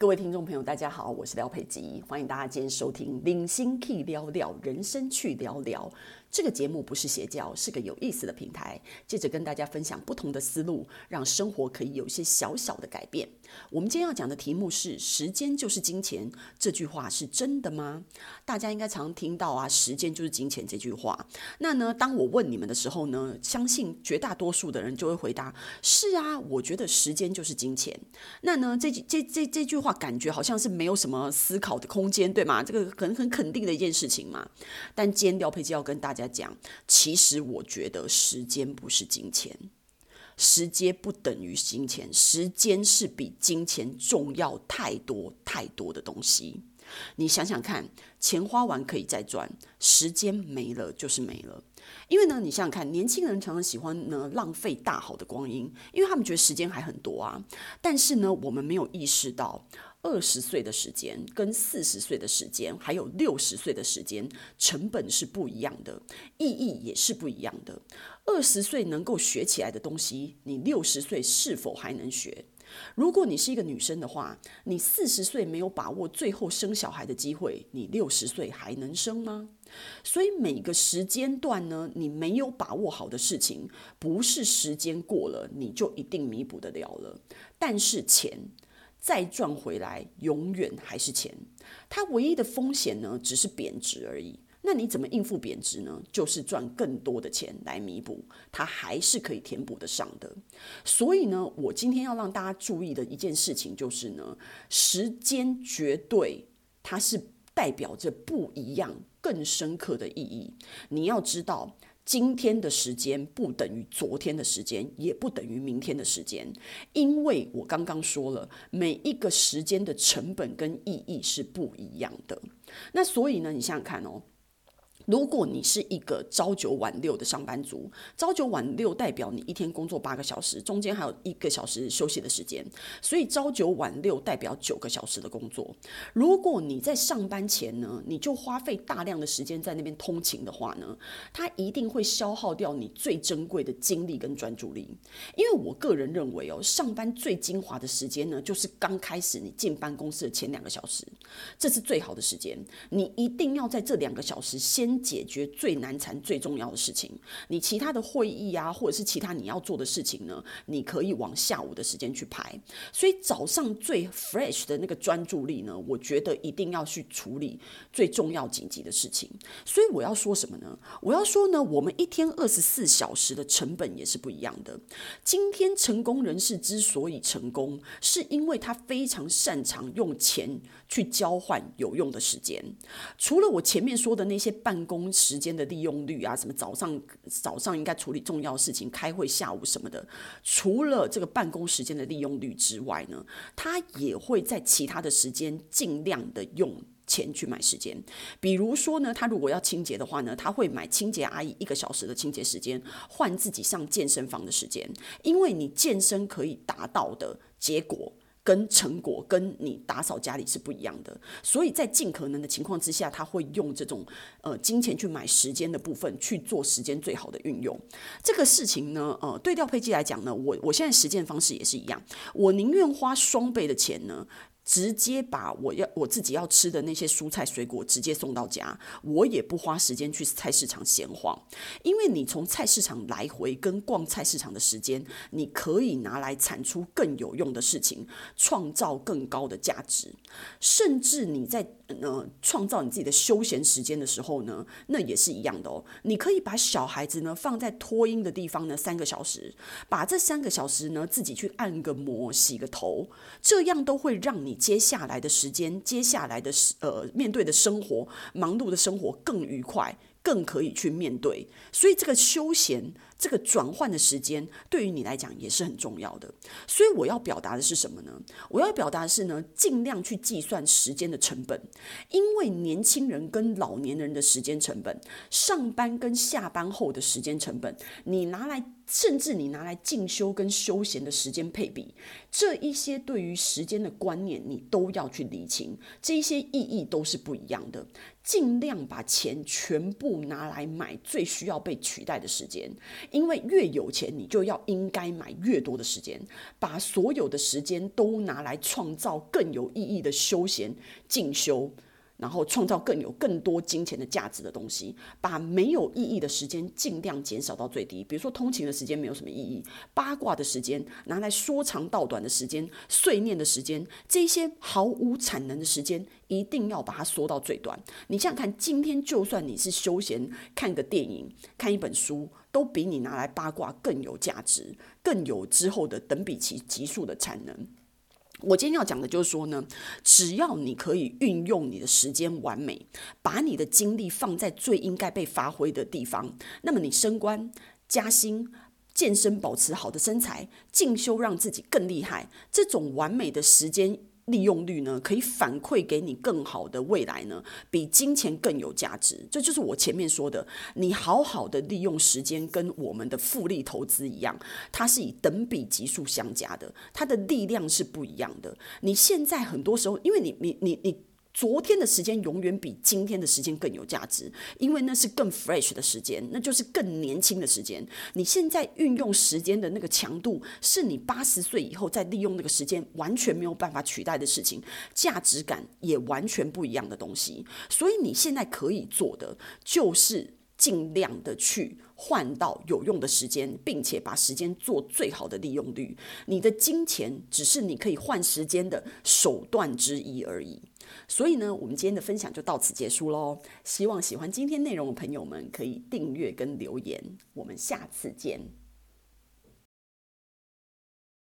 各位聽眾朋友，大家好，我是廖佩吉，歡迎大家今天收聽《零星去聊聊人生去聊聊》這個節目不是邪教，是個有意思的平台，接着跟大家分享不同的思路，讓生活可以有一些小小的改變。我們今天要講的題目是“時間就是金錢”，這句話是真的嗎？大家應該常聽到啊，“時間就是金錢”這句話。那呢，當我問你們的時候呢，相信絕大多數的人就會回答：“是啊，我覺得時間就是金錢。”那呢，這句這這這，這句話。感覺好像是沒有什麼思考的空間，對嗎？這個很很肯定的一件事情嘛。但今天佩奇就要跟大家講，其實我覺得時間不是金錢，時間不等於金錢，時間是比金錢重要太多太多的東西。你想想看，錢花完可以再賺，時間沒了就是沒了。因為呢，你想想看，年輕人常常喜歡呢浪費大好的光陰，因為他們覺得時間還很多啊。但是呢，我們沒有意識到，二十歲的時間跟四十歲的時間，還有六十歲的時間，成本是不一樣的，意義也是不一樣的。二十歲能夠學起來的東西，你六十歲是否還能學？如果你是一個女生的話，你四十歲沒有把握最後生小孩的機會，你六十歲還能生嗎？所以每個時間段呢，你沒有把握好的事情，不是時間過了你就一定彌補得了了。但是錢再賺回來，永遠還是錢。它唯一的風險呢，只是貶值而已。那你怎麼應付貶值呢？就是賺更多的錢來彌補，它還是可以填補得上的。所以呢，我今天要讓大家注意的一件事情就是呢，時間絕對它是代表着不一樣、更深刻的意義。你要知道，今天的時間不等於昨天的時間，也不等於明天的時間，因為我剛剛說了，每一個時間的成本跟意義是不一樣的。那所以呢，你想想看哦。如果你是一個朝九晚六的上班族，朝九晚六代表你一天工作八個小時，中間還有一個小時休息的時間，所以朝九晚六代表九個小時的工作。如果你在上班前呢，你就花費大量的時間在那邊通勤的話呢，它一定會消耗掉你最珍貴的精力跟專注力。因為我個人認為哦，上班最精華的時間呢，就是剛開始你進辦公室的前兩個小時，這是最好的時間，你一定要在這兩個小時先。解決最難纏、最重要的事情，你其他的會議啊，或者是其他你要做的事情呢，你可以往下午的時間去排。所以早上最 fresh 的那個專注力呢，我覺得一定要去處理最重要緊急的事情。所以我要說什麼呢？我要說呢，我們一天二十四小時的成本也是不一樣的。今天成功人士之所以成功，是因為他非常擅長用錢去交換有用的時間，除了我前面說的那些辦公時間的利用率啊，什麼早上早上應該處理重要事情開會，下午什麼的，除了這個辦公時間的利用率之外呢，他也會在其他的時間盡量的用錢去買時間。比如說呢，他如果要清潔的話呢，他會買清潔阿姨一個小時的清潔時間，換自己上健身房的時間，因為你健身可以達到的結果。跟成果跟你打掃家裡是不一樣的，所以在盡可能的情況之下，他會用這種呃金錢去買時間的部分去做時間最好的運用。這個事情呢，呃，對調配劑來講呢，我我現在實踐方式也是一樣，我寧願花雙倍的錢呢。直接把我要我自己要吃的那些蔬菜水果直接送到家，我也不花時間去菜市場閒晃，因為你從菜市場來回跟逛菜市場的時間，你可以拿來產出更有用的事情，創造更高的價值，甚至你在。呃，創造你自己的休閒時間的時候呢，那也是一樣的哦。你可以把小孩子呢放在託嬰的地方呢，三個小時，把這三個小時呢自己去按個摩、洗個頭，這樣都會讓你接下來的時間、接下來的呃面對的生活、忙碌的生活更愉快。更可以去面對，所以這個休閒、這個轉換的時間，對於你來講也是很重要的。所以我要表達的是什麼呢？我要表達的是呢，盡量去計算時間的成本，因為年輕人跟老年人的時間成本，上班跟下班後的時間成本，你拿來。甚至你拿來進修跟休閒的時間配比，這一些對於時間的觀念，你都要去理清，這一些意義都是不一樣的。盡量把錢全部拿來買最需要被取代的時間，因為越有錢，你就要應該買越多的時間，把所有的時間都拿來創造更有意義的休閒進修。然後創造更有更多金錢的價值的東西，把沒有意義的時間盡量減少到最低。比如說通勤的時間沒有什麼意義，八卦的時間拿來說長道短的時間、碎念的時間，這些毫無產能的時間，一定要把它縮到最短。你想想看，今天就算你是休閒，看個電影、看一本書，都比你拿來八卦更有價值，更有之後的等比其級數的產能。我今天要講的就是說呢，只要你可以運用你的時間完美，把你的精力放在最應該被發揮的地方，那麼你升官、加薪、健身、保持好的身材、進修，讓自己更厲害，這種完美的時間。利用率呢，可以反饋給你更好的未來呢，比金錢更有價值。這就是我前面說的，你好好的利用時間，跟我們的複利投資一樣，它是以等比級數相加的，它的力量是不一樣的。你現在很多時候，因為你，你，你，你。昨天的時間永遠比今天的時間更有價值，因為那是更 fresh 的時間，那就是更年輕的時間。你現在運用時間的那個強度，是你八十歲以後再利用那個時間完全沒有辦法取代的事情，價值感也完全不一樣的東西。所以你現在可以做的就是。盡量的去換到有用的時間，並且把時間做最好的利用率。你的金錢只是你可以換時間的手段之一而已。所以呢，我們今天的分享就到此結束嘍。希望喜歡今天內容的朋友們可以訂閱跟留言。我們下次見。